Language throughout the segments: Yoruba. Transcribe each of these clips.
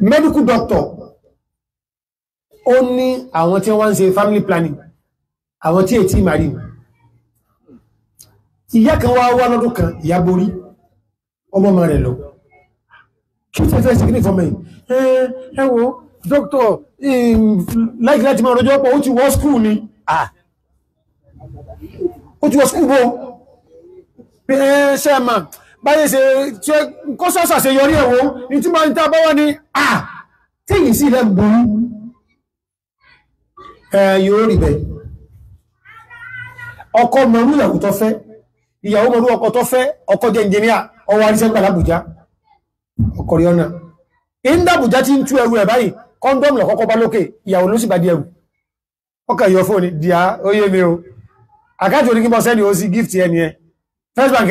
medical doctor ó ní àwọn tí wọ́n ń ṣe family planning àwọn tí ètí ìmàrí ìyá kan wá wá lọ́dún kan ìyá borí ọmọ ọmọ rẹ̀ lọ kí tí fẹ́ sígbìn fọmọ yìí ẹ wo doctor láìkí láti máa rọjọ́ pọ̀ ó ti wọ school ni ó ti wọ school bó ṣe máa báyé ṣe tí ó ṣe yọrí ẹ̀wọ́ ní tí máa ń tá sí ilẹ̀ ẹ yóò rí bẹ́ẹ̀ ọkọ mọ̀rú ìyàwó tó fẹ́ ìyàwó ọkọ tó fẹ́ ọkọ jẹ́ ìjẹníà ọwọ́ aríṣẹ́ gbà lábùjá ọkọ rí ọ̀nà ti ń tú ẹrù ẹ̀ báyìí lọ́kọ́kọ́ bá lókè ìyàwó ló sì bá di ó yé gift ẹ first bank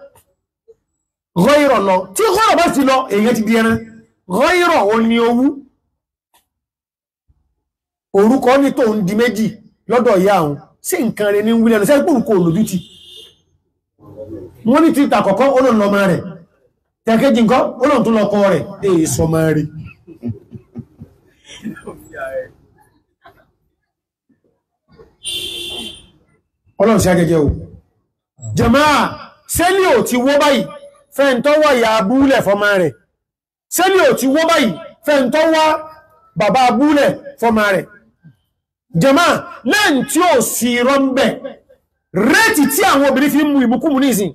gọ́ìrọ̀ lọ tí gọ́ìrọ̀ bá ti lọ èyàn ti di ẹran gọ́ìrọ̀ o ní owú orúkọ ní tóun di méjì lọ́dọ̀ ìyá àwọn sí nǹkan rẹ̀ ní wílẹ̀ lọ́sẹ́ pòrúkọ olójú ti wọ́n ní ti tàkọ̀kọ́ olóńlọmọ rẹ̀ tẹ̀kẹ́jì nǹkan olóńtúnlọkọ rẹ̀ èyí sọmọ rẹ̀ ọlọ́run sí ajẹjẹ o jẹ̀máà sẹ́lẹ̀ ò ti wó báyìí fẹ́ntọ́wọ́ ìyá abúlẹ̀ fọmọ rẹ̀ sẹ́lẹ̀ ò ti wọ́ báyìí fẹ́ntọ́wọ́ bàbá abúlẹ̀ fọmọ rẹ̀ jẹma lẹ́n tí ó sì rọ́m̀bẹ̀ rẹ́ẹ̀tì tí àwọn obìnrin fi mú ìbùkúmù ní ìsìn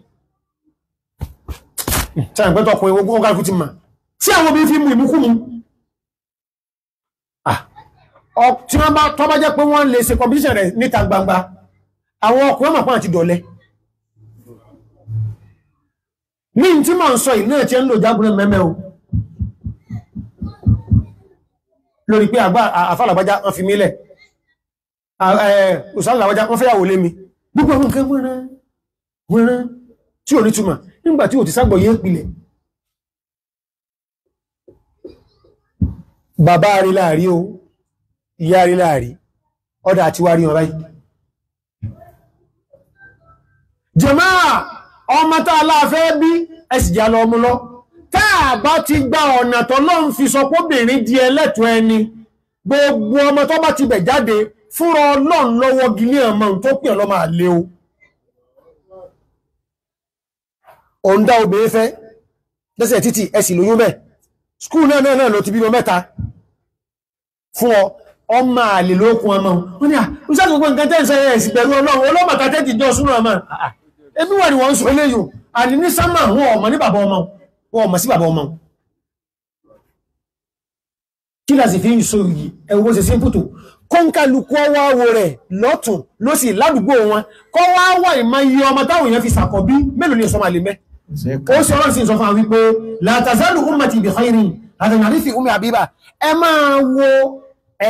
tí àwọn obìnrin fi mú ìbùkúmù tí wọ́n bá jẹ́ pé wọ́n lè ṣe competition rẹ̀ níta gbangba àwọn ọkùnrin mọ̀ àti dọ̀lẹ́ ní tí mọ̀ ń sọ ìlú ẹ̀ tí ẹ ń lò jágúnrẹ́ mẹ́mẹ́ o lórí pé àfàlàgbájá wọ́n fi mílẹ̀ òsàlàgbájá wọ́n fẹ́yàwó lé mi gbogbo àwọn nǹkan wọ́n wọ́n tí ò ní túmọ̀ nígbà tí ò ti ságbọ̀ yẹ́ pìlẹ̀ bàbá rí láàrí o ìyá rí láàrí ọdá àti wárí wọn báyìí jàmáà ọmọ tá aláàfẹ́ bí ẹsìjà lọ lọ táà bá ti gba ọ̀nà tọ́lọ́run fi sọ póbìnrin di ẹlẹ́tọ̀ ẹni gbogbo ọmọ tó bá ti bẹ̀ jáde fúnra ọlọ́run lọ́wọ́ gilé ọmọ tó pè ọlọ́mọ o obìnrin fẹ́ lẹ́sẹ̀ títì lóyún bẹ́ẹ̀ náà náà lọ ti bímọ mẹ́ta fún ọ ebi wants to wọ́n you, and eléyò àní ní sámà wọn ọmọ ní bàbá ọmọ wọn ọmọ sí bàbá ọmọ kí lásì fi ń so yìí ẹwọ́ sí símpútù kọ́ńkálukú ọwọ́ awo rẹ̀ lọ́tún ló sì ládùúgbò wọn kọ́ wá wà ìmọ̀ iye ọmọ táwọn èèyàn fi sàkọ́ bí mélòó ní ọsọ máa lè mẹ́ ó sì ọlọ́run sì sọ fún wa wípé làtàzánù ummati bi khairin àtànàrí fi umi abiba. ẹ máa wo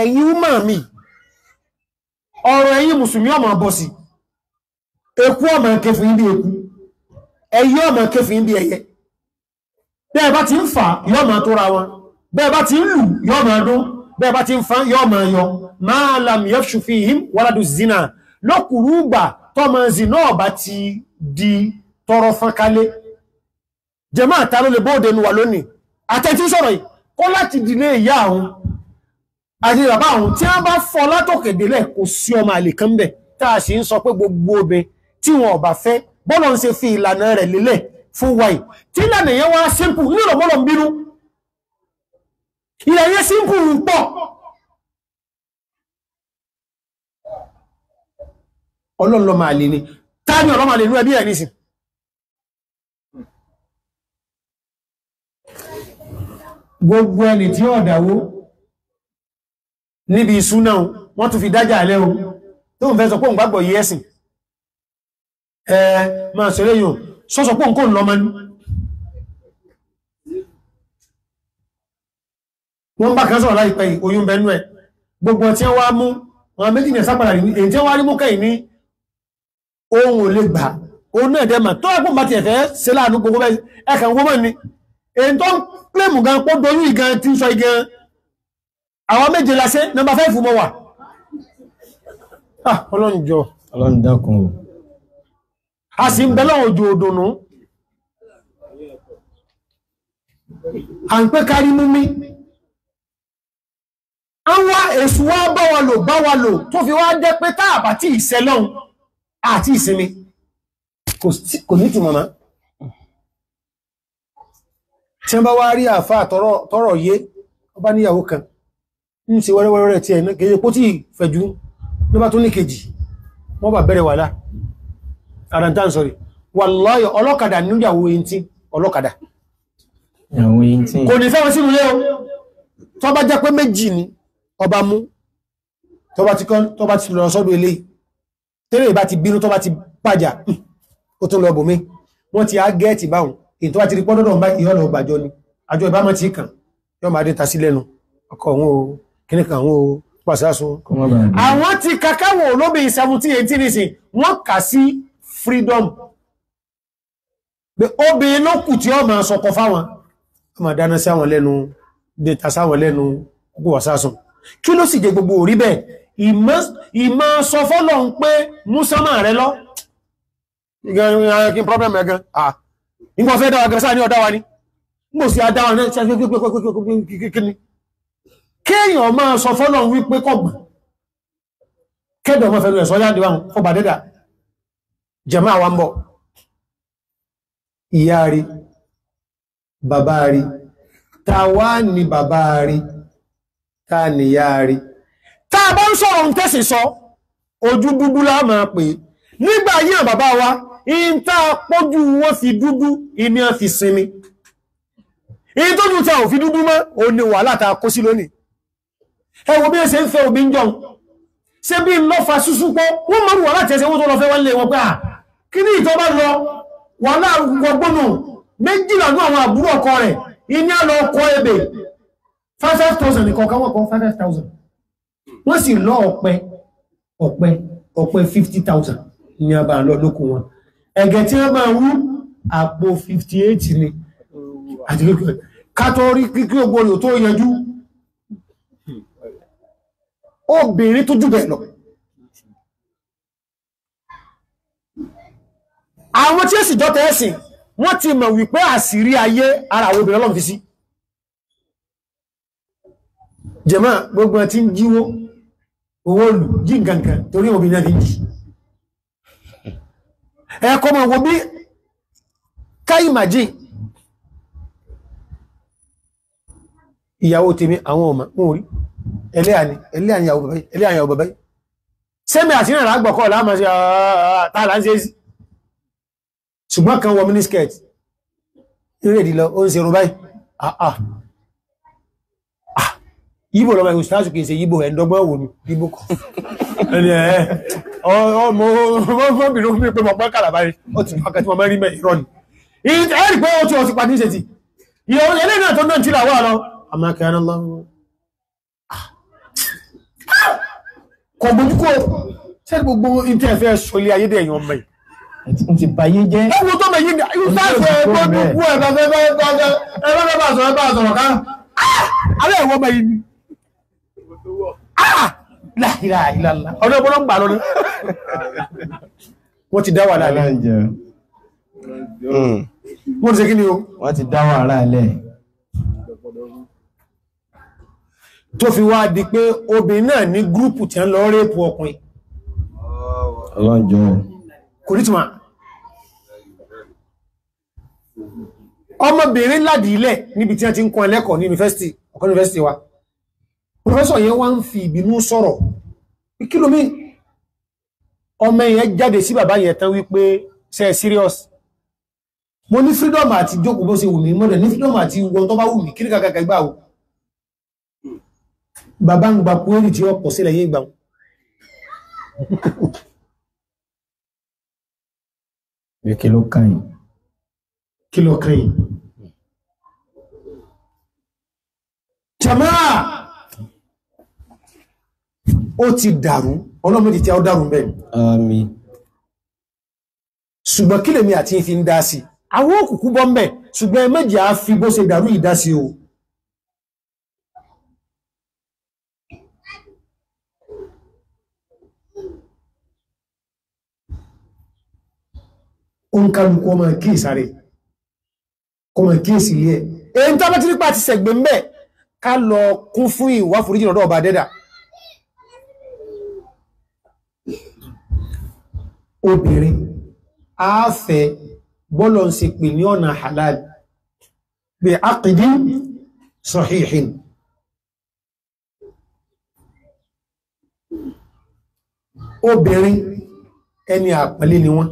ẹ̀yin umma mi ọ̀rọ̀ ẹ̀yin mùsùlùmí ọmọ bọ̀ sí eku ọmọ ẹkẹ fún yín eku ẹyẹ ọmọ ẹkẹ fún yín bí ẹyẹ bẹ́ẹ̀ bá ti ń fà yọ́ ma tó ra wọn bẹ́ẹ̀ bá ti ń lù yọ́ ma dún bẹ́ẹ̀ bá ti ń fa yọ́ ma yọ máa lam yafshu fihim waladu zina lọ́kùrú gbà tọ́mọ zina ọba ti di tọrọ fankálé jẹmọ́ àtàrà lè bóòdè nù wà lónìí àtẹ́tí sọ̀rọ̀ yìí kọ́ láti dìlé ìyá àwọn àti bàbá àwọn tí wọ́n bá fọ́ látòkèdélẹ̀ kò sí ọmọ àlè kan bẹ̀ tá a sì ń sọ pé gbogbo obìnrin tí wọn ọ̀bà fẹ́ bọ́lọ̀ ń ṣe fi ìlànà rẹ̀ lélẹ̀ fún wáyé tí ìlànà yẹn wá símpù nílò bọ́lọ̀ ń bínú ilẹ̀ yẹn símpù ń pọ̀ ọlọ́lọ́mà àlè ni táàmì ọlọ́mà àlè nú ẹbí ẹ̀ nísìn gbogbo ẹni tí ọ̀dàwó níbi ìsúná wọ́n tún fi dájà alẹ́ o tó ń fẹ́ sọ pé òun gbàgbọ́ yẹ́sìn ẹ máa ṣẹlẹ̀ yóò sọ́sọ̀ pọ̀ nǹkan lọ mẹ́nu wọ́n bá kan sọ̀rọ̀ láìpẹ́ oyún bẹnu ẹ̀ gbogbo tí wá mú wọn méjì ní ẹ̀sápàdà rí èyí tí wá rí mú kẹ́yìn ní ohun ò lè gbà òun náà dẹ́mà tó ẹ̀pọ̀ bá ti ẹ̀fẹ́ ṣe láàánú gbogbo bẹ́ẹ̀ ẹ̀kàn gbogbo ni èyí tó ń plémù gan pọ́ doyún ìgan tí ń sọ ìgan àwọn méje lásẹ́ nọ́mbà fẹ́ẹ̀fù mọ́ wà ah, ọlọ́njọ́ ọlọ́njọ́ kan a sì ń bẹ́lọ̀ òjò òdùnnú à ń pẹ́ kárí mú mi àwọn èsù wá bá wa lò bá wa lò tó fi wá jẹ́ pé táàbà tí ìṣẹ́lọ́un àti ìsinmi kò ní túnmọ̀ náà tí wọ́n bá wá rí àfáà tọ́rọ̀ yé wọ́n bá níyàwó kan ń ṣe wẹ́rẹ́wẹ́rẹ́ tí ẹ̀ náà kèje pó tí ìfẹ̀jú ló bá tún ní kejì wọ́n bá bẹ̀rẹ̀ wàhálà àràntán sorry, wallahi ọlọ́kadà níyàwó eyinti ọlọ́kadà kò ní fẹ́wọ́n sínú lé o tó bá jẹ́ pé méjì ni ọba mú tó bá ti lọ sọ́dọ̀ ilé tẹ́lẹ̀ ìbá ti bínú tó bá ti bàjá ó tún lọ bòmí wọ́n ti á gẹ́ẹ̀tì báhùn èyí tó bá ti rí pọ́dọ̀dọ̀ bá ìyọ́lọ̀ ọgbàjọ ni àjọ ìbámọ́ ti kàn yọ́ máa dé ta sí lẹ́nu ọkọ̀ òun o kíníkan òun o pàṣásùn àwọn ti kakáwò olóbìn 17 18 wọ́n kà sí freedom pé obìnrin ló kù tí ó máa sọkọ fáwọn a máa dáná sí àwọn lẹ́nu dẹta sáwọn lẹ́nu gbogbo sásùn kí ló sì jẹ gbogbo orí bẹ́ẹ̀ ìmọ̀ sọ fọ́lọ̀ ń pé Musa máa rẹ lọ ìgbẹ̀rin problem ẹ̀gan ah nígbà fẹ́ dáwà gẹ̀rẹ́sà ní ọ̀dáwà ní mo sì adáwà náà tí a fẹ́ pẹ́pẹ́pẹ́pẹ́pẹ́pẹ́pẹ́pẹ́pẹ́ kéèyàn máa sọ fọ́lọ̀ wípé kọ̀gbọ̀n kẹ́dọ̀ mọ́ fẹ́lú ẹ̀sọ́ yáàdìwà fọ́bàdẹ́dà jama wa ń bọ̀ babari rí bàbá rí ta wá ní bàbá rí ta níyá rí ta bá sọ ojú dúdú la máa pè nígbà yíyàn bàbá wa in ta pọ́jú wọ́n fi dúdú iní a fi sinmi in tó dùn ta ò fi dúdú mọ́ o ní wàhálà ta kó sí lónìí ẹ bí ẹ ń fẹ́ òbí ń jọun ṣe bí lọ́fà súsú pọ́ wọ́n mọ̀rù wàhálà tẹ́sẹ̀ wọ́n tó lọ fẹ́ wọ́n lé wọn pé à ah, kí ní ìtọ́bá lọ wà láàrùgbọ́gbọ́nù méjìlá ní àwọn àbúrò ọkọ rẹ̀ iní àlọ́ ọkọ ebè 5,000 nìkan káwọn kan 5,000 wọ́n sì lọ ọ̀pẹ ọ̀pẹ ọ̀pẹ 50,000 ní àbá lọ lóko wọn ẹ̀gẹ̀ tí wọ́n máa wú àpò 58 ni àti lókè kátó rí kíkí ògbóyò tó yanjú obìnrin tó jù bẹ́ẹ̀ lọ àwọn tí ó sì jọ tẹ́ẹ̀sìn wọ́n ti mọ̀ wípé àṣírí ayé ara àwọn obìnrin ọlọ́run fi sí jẹ̀mọ́ gbogbo ti ń jíwó owó lù jí nǹkankan torí obìnrin fi ń jí ẹ̀kọ́ mọ̀ wo bí káìmàjì ìyàwó tèmi àwọn ọmọ mú orí ẹlẹ́àni ẹlẹ́àni ìyàwó bàbá yìí sẹ́mi àti ìrìnàrà àgbọ̀kọ́ láàmà sí àtàlà ṣùgbọ́n kan wọ miniskirt ìrèdì lọ ó ń ṣe rúbáì àà ah, ah. ah. yíbò lọ́wọ́ ìwò sítáṣù kìí ṣe yíbò ẹ̀ndọ́gbọ́n wò ní yíbò kan ẹni ẹ̀ ọmọ ọmọbìnrin fún mi pé mọ̀pọ̀ kàlàbárí ó ti mọ̀kà tí mo mẹ́rin mẹ́ ìrọ́ ni ẹ̀rì pé ó tún ọtí pàdé ṣe ti ìyọ̀rọ̀ ẹlẹ́yìn náà tó náà tí làwọ́ àlọ́ àmàkẹ́rẹ́ lọ́wọ́ kọ̀gbọ́n kó ṣẹ́ gbogbo ìtẹ́fẹ́ sọlé ayédèèyàn mẹ́yìn n ti bayé jẹ́. ẹ wo tó bẹ yí ni ìfẹ́ ṣe é tó dúkú ẹ̀ bá fẹ́ bá fẹ́ bá sọ̀rọ̀ bá sọ̀rọ̀ ká. Ah! alẹ́ ìwọ bẹ yí ni. Ah! láìra ìlàlá ọdún ọgbọ́n gbà lọ ni. wọ́n ti dá wà lálẹ́. Hmm. wọ́n ti ṣe kí ni o. wọ́n ti dá wà lálẹ́. tó fi wá di pé obìnrin náà ní gúrúùpù tí ń lọ rẹ́pù ọkùnrin. ọlọ́njọ́ kò ní túnmà ọmọbìnrin ládì ilẹ̀ níbi tí a ti ń kọ́ ẹlẹ́kọ̀ọ́ ní yunifásitì ọ̀kan yunifásitì wa professor yẹn wá ń fi ìbínú sọ̀rọ̀ kí ló mi ọmọ yẹn jáde sí bàbá yẹn tán wípé ṣe é serious mo ní freedom àti jókòó bó ṣe wù mí mọ́dẹ̀ ní freedom àti wọn tó bá wù mí kí ní kàkàkà bàbá ń gba kúrò tí ó pọ̀ sílẹ̀ yé ìgbà pé kí ló kàn yín. kí ló kàn yín. jamaa ó ti dàrú ọlọ́mọdé tí a ó dàrú bẹ́ẹ̀. àmín. ṣùgbọ́n kí lèmi àti yín fi ń dá sí i àwọn òkùnkùn bọ́ ń bẹ̀ ṣùgbọ́n ẹ méjì á fi bó ṣe dàrú yìí dá sí i o. ó ń kálukú ọmọ kíyèsí rẹ̀ kọmọ kíyèsí ilé ẹ̀ èyí tó bá ti nípa ti sẹ̀gbẹ̀ ń ká lọ kún fún ìwà foríjì lọ́dọ̀ ọba dẹ́dà obìnrin àáfẹ́ bọ́lọ̀ ń ṣe pè ní ọ̀nà halal bí aqdin sahihin obìnrin ẹni àpẹẹlẹ ni wọ́n